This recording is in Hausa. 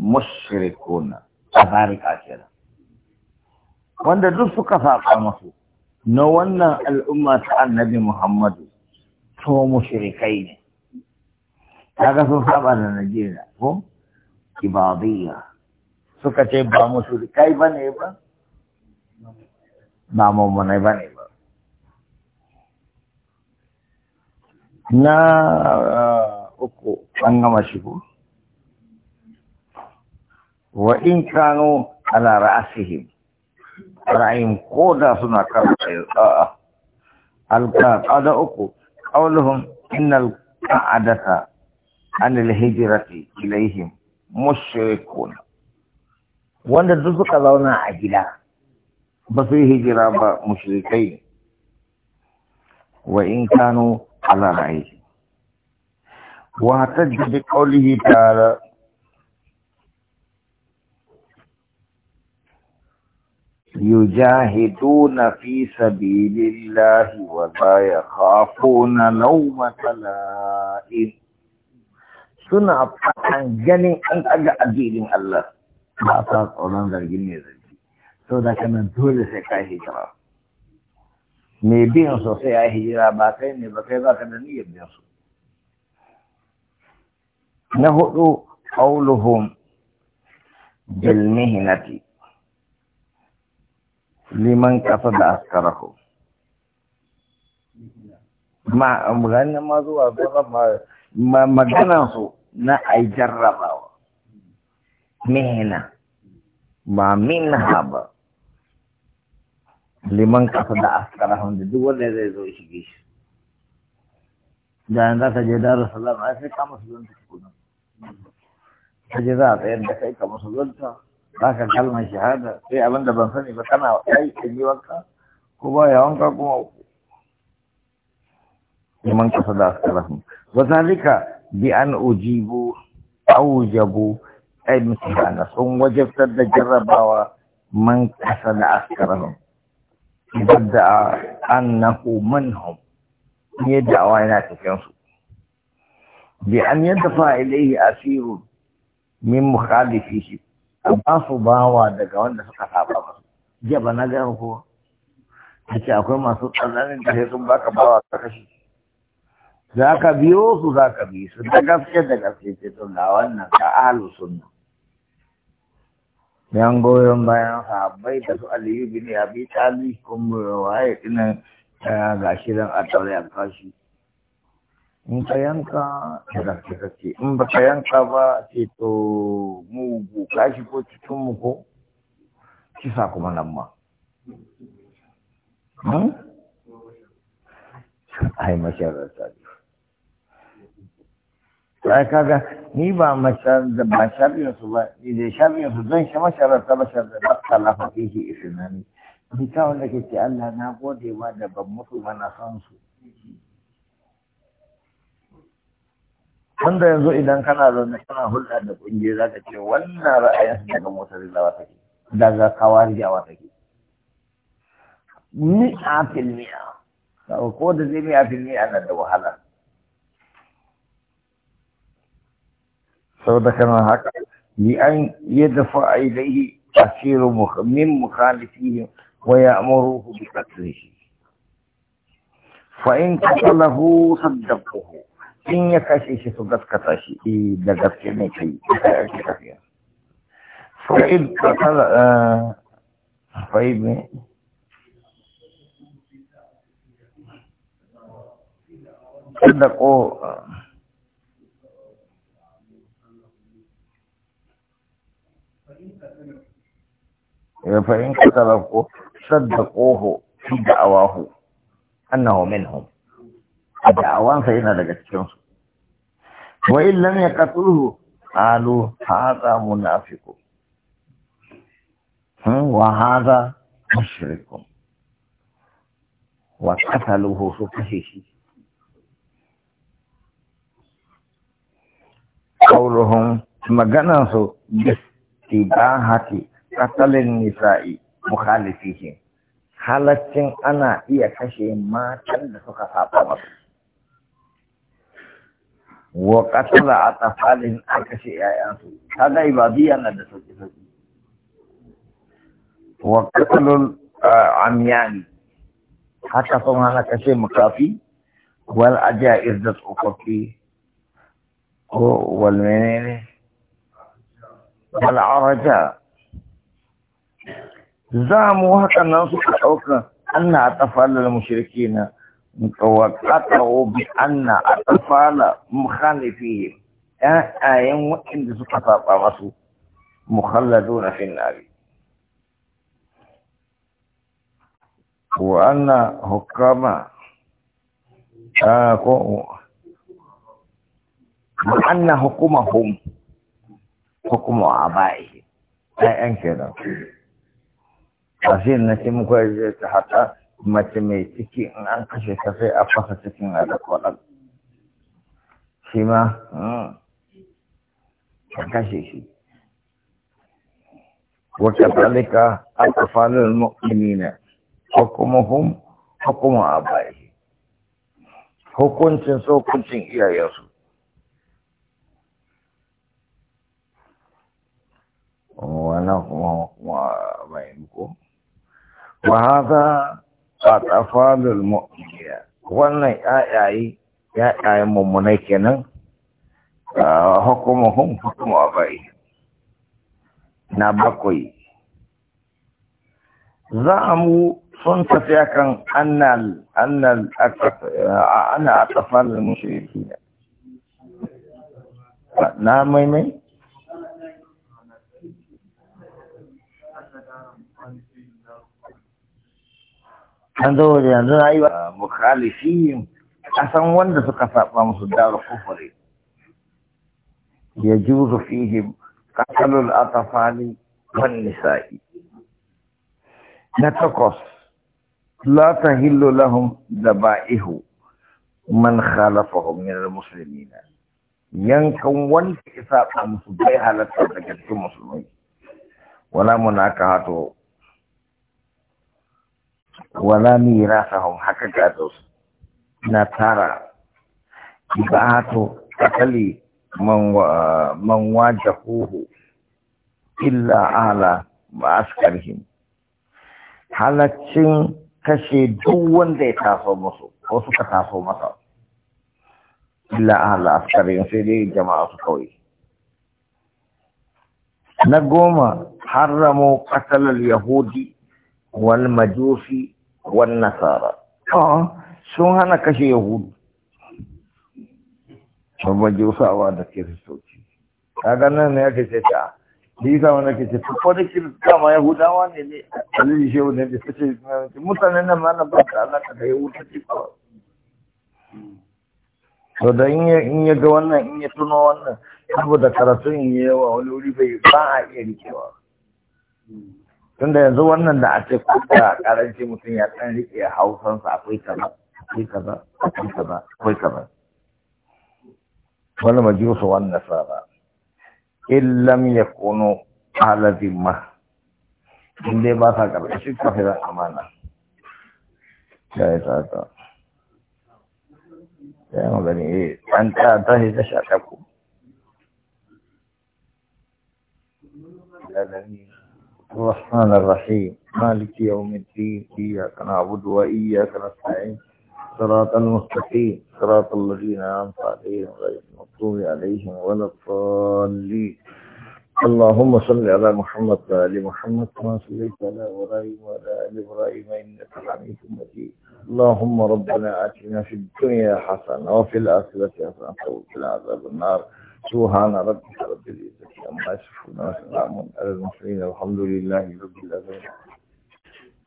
mushrikuna tabarika kenan wanda duk suka saba musu na wannan al'umma ta annabi Muhammadu to mushrikai ne daga sun saba da Najeriya ko ibadiyya suka ce ba mushrikai bane ba ba mummunai bane ba na uh, uku an gama shigo wa in kano ala ra'asihim ra'ayin ko da suna karɓa a alƙaƙada uku ƙauluhun innal ka'adata an alhijirati ilayhim mushrikun wanda duk suka zauna a gida ba su yi hijira ba mushrikai wa in kano ala ra'ayi wa hatta bi qawlihi ta'ala يجاهدون في سبيل الله ولا يخافون لومة لائم سنة عن جني أنت أجا أجيد الله بأطاق أولان ذا الجنية ذلك سو كما دول سكاي هجرا مي بيانسو سي آي هجرا باتين مي باتين ذا كما نية بيانسو نهو قولهم بالمهنة liman kasa da askarahu ma ganin ma zuwa ma maganan su na ai jarrabawa mihina ba min ba liman kasa da askarahu da duk wanda zai zo shige shi da je ai sai je za a tsayar da kai ka musulunta baka kalmar shahada sai abin da ban sani ba kana aiki kan yi wanka ko ba ya wanka kuma uku liman kasa da asalafu wa zalika bi an ujibu aujabu musu mutana sun wajabtar da jarrabawa man kasa da askarahum ibda annahu manhum da da'awa yana cikin su bi an yadfa ilayhi siru min mukhalifihi a ba su bawa daga wanda suka saba ba jiya ba na gaya kowa a ce akwai masu tsananin da sun baka bawa ta kashi za ka biyo su za ka biyo su da gaske da gaske ce to ga wannan ka alu sunna yan goyon bayan sahabbai da su aliyu bin abi talib kuma waye ina eh, ga shirin a taure kashi in ka yanka da zarce ba ce to mu buka shi ko cikin mu ko kisa kuma nan ma hmm? ai mashararta ne ai kaga ni ba mashararta ba sharrin su ba ni da sharrin su zan shi mashararta ba sharrin ba ta lafa fihi na ni ni ta wanda ke ce Allah na gode ma da ban mutu mana na su wanda yanzu idan kana zaune kana hulɗa da ƙungiyar za ka ce wannan ra'ayin daga motar zawa take daga kawarijawa take mi'a fil mi'a ko da zai mi'a fil mi'a nan da wahala Sau da kana haka li an yi yadfa a shiru min mukhalifihim wa ya'muruhu bi katsirishi fa in qatalahu saddaquhu in ya kashe shi su gaskata shi E, da gaske ne kai sai ake tafiya fa'id qatala eh, fa'id ne صدقوا فإن كتبوا da في دعواه أنه منهم الدعوان فإن هذا wa in lam yaqtuluhu qalu hadha munafiqun wa hadha mushrikun wa qataluhu sukahihi qawluhum maganansu bistibahati qatalin nisa'i mukhalifihim halaccin ana iya kashe matan da suka saba masu wa a atfalin a kashe yayansu kaga ibadiyya na da sauƙi-sauƙi. wa qatalul amyani haka sun hana kashe makafi wal aja'ir da tsofaffi ko wal menene wal araja za mu haka nan suka ɗauka an na mushirki mushrikina وقطعوا بأن أطفال مخالفين أه، آية وإن سقطت رسول مخلدون في النار وأن حكام آه، وأن حكمهم حكم آبائهم آيين كده عشان نتمكن حتى mace mai ciki in an kashe ta sai a fasa cikin a da kwaɗan shi ma ka hmm, kashe shi wata tsalika a tsafanin mu'minina hukumuhum hukuma a bayi hukuncin so hukuncin iyayensu wannan kuma kuma bayan ko wa fatafalul tsafalul mu'miniya wannan ya ayi mummunai kenan hukumuhum hukumu abai na bakwai za mu sun tafi akan annal annal ana atafalul mushrikina na maimai an zo wajen yanzu na yi wa mukhalifin san wanda suka saba musu daru kufuri ya juzu fihim atafali, atfali wani nisa'i na takwas la da da ihu man khalafahum min musulmi na yankan wanda ya saba musu bai halatta daga cikin musulmi wala hato wala mirasahum haka gado na tara bato kali man wa jahuhu illa ala askarhim halaccin kashe duk wanda ya taso musu ko suka taso masa illa ala askarhim sai dai jama'a su kawai na goma haramu qatala al-yahudi wal majusi wan nasara sun hana kashe yahudu babban jirusawa da kiristoci kaga nan ne ake ce ta shi sa wanda ke ce ko da kirista ma yahudawa ne ne alili shehu ne ce, suke mutanen nan ma na ba ta alaka da yahudanci ko to da in ya ga wannan in ya tuno wannan saboda karatun yawa wani wuri bai ba a iya rikewa tunda yanzu wannan da a ce kuka karanci mutum ya ɗan riƙe hausansa akwai kaza akwai kaza akwai kaza akwai kaza wani majusu wannan nasara illam lam yakunu ala zimma in dai ba sa ƙarƙashin kafiran amana ya yi tsata ya yi magani eh an ta ta shi ta shaƙa ku lalani الرحمن الرحيم مالك يوم الدين إياك نعبد وإياك نستعين صراط المستقيم صراط الذين أنعمت عليهم غير المغضوب عليهم ولا الضالين اللهم صل على محمد وآل محمد كما صليت على إبراهيم وعلى آل إبراهيم إنك حميد مجيد اللهم ربنا آتنا في الدنيا حسنة وفي الآخرة حسنة وقنا عذاب النار سبحان ربك رب العزة عما يصفون وسلام على المرسلين والحمد لله رب العالمين